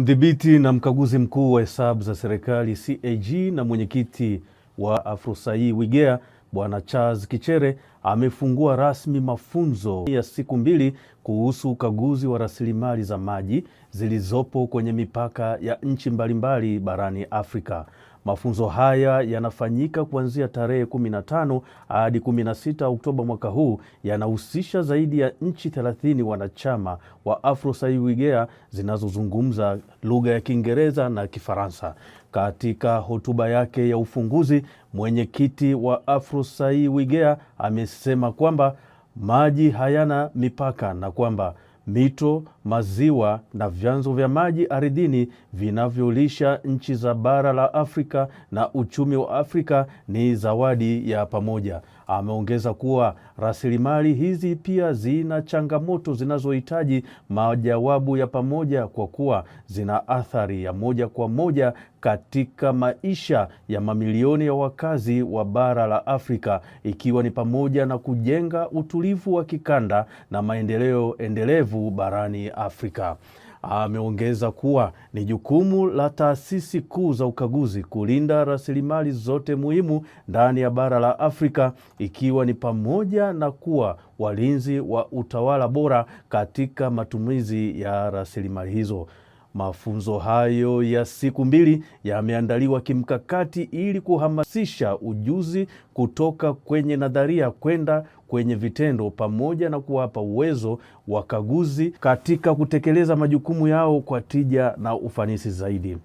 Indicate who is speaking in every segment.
Speaker 1: Mdhibiti na mkaguzi mkuu wa hesabu za serikali CAG na mwenyekiti wa Afrosai Wigea Bwana Charles Kichere amefungua rasmi mafunzo ya siku mbili kuhusu ukaguzi wa rasilimali za maji zilizopo kwenye mipaka ya nchi mbalimbali barani Afrika. Mafunzo haya yanafanyika kuanzia tarehe 15 hadi 16 Oktoba mwaka huu, yanahusisha zaidi ya nchi 30 wanachama wa Afrosaiwigea zinazozungumza lugha ya Kiingereza na Kifaransa. Katika hotuba yake ya ufunguzi, mwenyekiti wa Afrosaiwigea amesema kwamba maji hayana mipaka na kwamba mito, maziwa na vyanzo vya maji ardhini vinavyolisha nchi za bara la Afrika na uchumi wa Afrika ni zawadi ya pamoja. Ameongeza kuwa rasilimali hizi pia zina changamoto zinazohitaji majawabu ya pamoja kwa kuwa zina athari ya moja kwa moja katika maisha ya mamilioni ya wakazi wa bara la Afrika ikiwa ni pamoja na kujenga utulivu wa kikanda na maendeleo endelevu barani Afrika. Ameongeza kuwa ni jukumu la taasisi kuu za ukaguzi kulinda rasilimali zote muhimu ndani ya bara la Afrika ikiwa ni pamoja na kuwa walinzi wa utawala bora katika matumizi ya rasilimali hizo. Mafunzo hayo ya siku mbili yameandaliwa kimkakati ili kuhamasisha ujuzi kutoka kwenye nadharia kwenda kwenye vitendo pamoja na kuwapa uwezo wakaguzi katika kutekeleza majukumu yao kwa tija na ufanisi zaidi.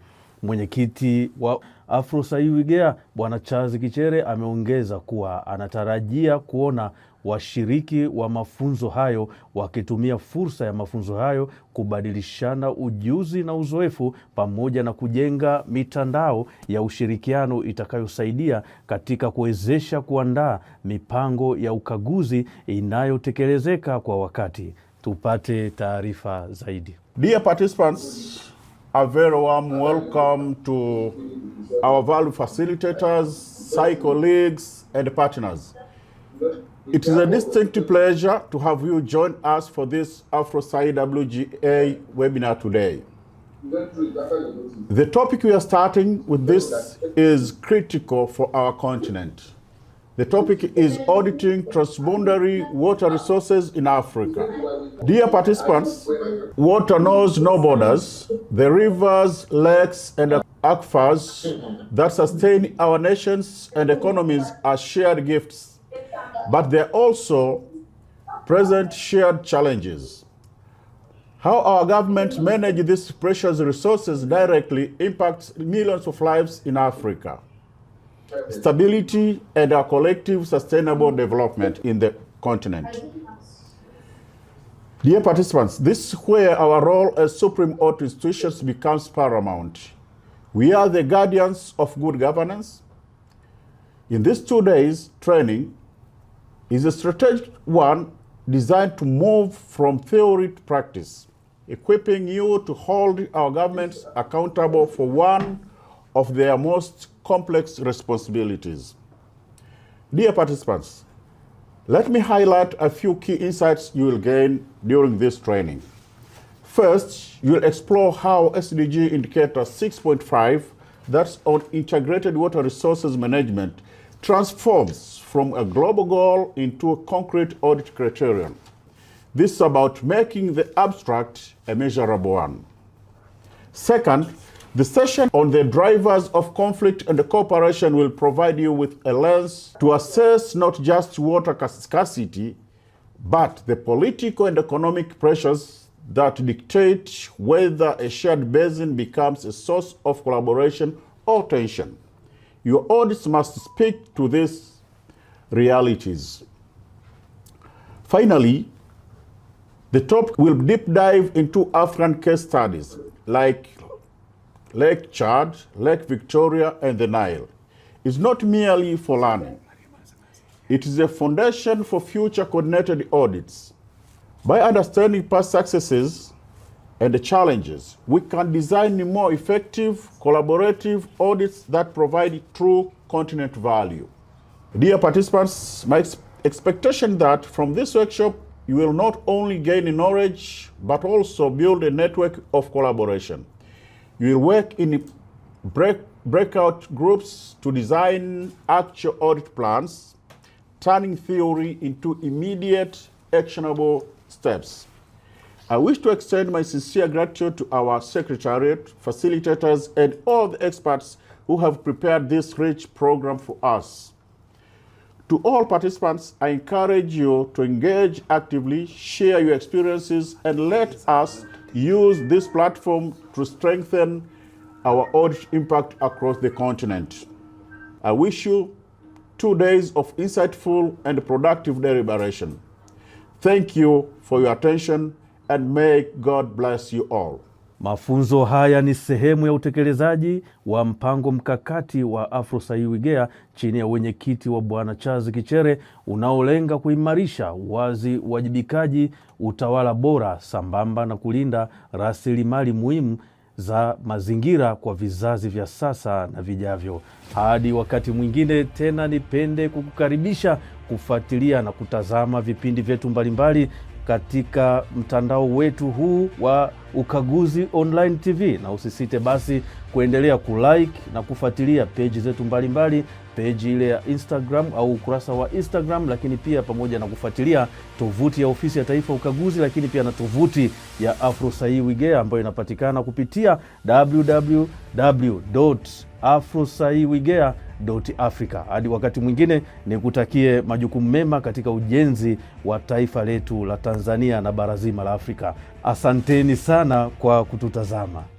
Speaker 1: Mwenyekiti wa Afrosaiwigea Bwana Charles Kichere ameongeza kuwa anatarajia kuona washiriki wa mafunzo hayo wakitumia fursa ya mafunzo hayo kubadilishana ujuzi na uzoefu pamoja na kujenga mitandao ya ushirikiano itakayosaidia katika kuwezesha kuandaa mipango ya ukaguzi inayotekelezeka kwa wakati. Tupate taarifa zaidi.
Speaker 2: Dear participants, a very warm welcome to our facilitators, and partners. It is a distinct pleasure to have you join us for this AfroSci WGA webinar today. The topic we are starting with this is critical for our continent. The topic is auditing transboundary water resources in Africa. Dear participants, water knows no borders. The rivers, lakes, and aquifers that sustain our nations and economies are shared gifts but they also present shared challenges. How our government manages these precious resources directly impacts millions of lives in Africa. Stability and our collective sustainable development in the continent. Dear participants, this is where our role as Supreme Court institutions becomes paramount. We are the guardians of good governance. In these two days training, is a strategic one designed to move from theory to practice, equipping you to hold our governments accountable for one of their most complex responsibilities. Dear participants, let me highlight a few key insights you will gain during this training. First, you'll explore how SDG Indicator 6.5, that's on integrated water resources management, transforms from a global goal into a concrete audit criterion. This is about making the abstract a measurable one. Second, the session on the drivers of conflict and cooperation will provide you with a lens to assess not just water scarcity, but the political and economic pressures that dictate whether a shared basin becomes a source of collaboration or tension. Your audits must speak to these realities. Finally, the talk will deep dive into African case studies like Lake Chad, Lake Victoria, and the Nile. It's not merely for learning. It is a foundation for future coordinated audits. By understanding past successes, and the challenges, we can design more effective, collaborative audits that provide true continent value. Dear participants, my expectation that from this workshop, you will not only gain knowledge, but also build a network of collaboration. You will work in break, breakout groups to design actual audit plans, turning theory into immediate actionable steps. I wish to extend my sincere gratitude to our secretariat, facilitators, and all the experts who have prepared this rich program for us. To all participants, I encourage you to engage actively, share your experiences, and let us use this platform to strengthen our audit impact across the continent. I wish you two days of insightful and productive deliberation. Thank you for your attention and may God bless you all.
Speaker 1: Mafunzo haya ni sehemu ya utekelezaji wa mpango mkakati wa AFROSAI WIGEA chini ya wenyekiti wa Bwana Charles Kichere unaolenga kuimarisha wazi uwajibikaji, utawala bora sambamba na kulinda rasilimali muhimu za mazingira kwa vizazi vya sasa na vijavyo. Hadi wakati mwingine tena, nipende kukukaribisha kufuatilia na kutazama vipindi vyetu mbalimbali katika mtandao wetu huu wa Ukaguzi Online TV, na usisite basi kuendelea kulike na kufuatilia peji zetu mbalimbali, peji ile ya Instagram au ukurasa wa Instagram, lakini pia pamoja na kufuatilia tovuti ya Ofisi ya Taifa Ukaguzi, lakini pia na tovuti ya Afrosai Wigea ambayo inapatikana kupitia wigea Africa. Hadi wakati mwingine, nikutakie majukumu mema katika ujenzi wa taifa letu la Tanzania na bara zima la Afrika. Asanteni sana kwa kututazama.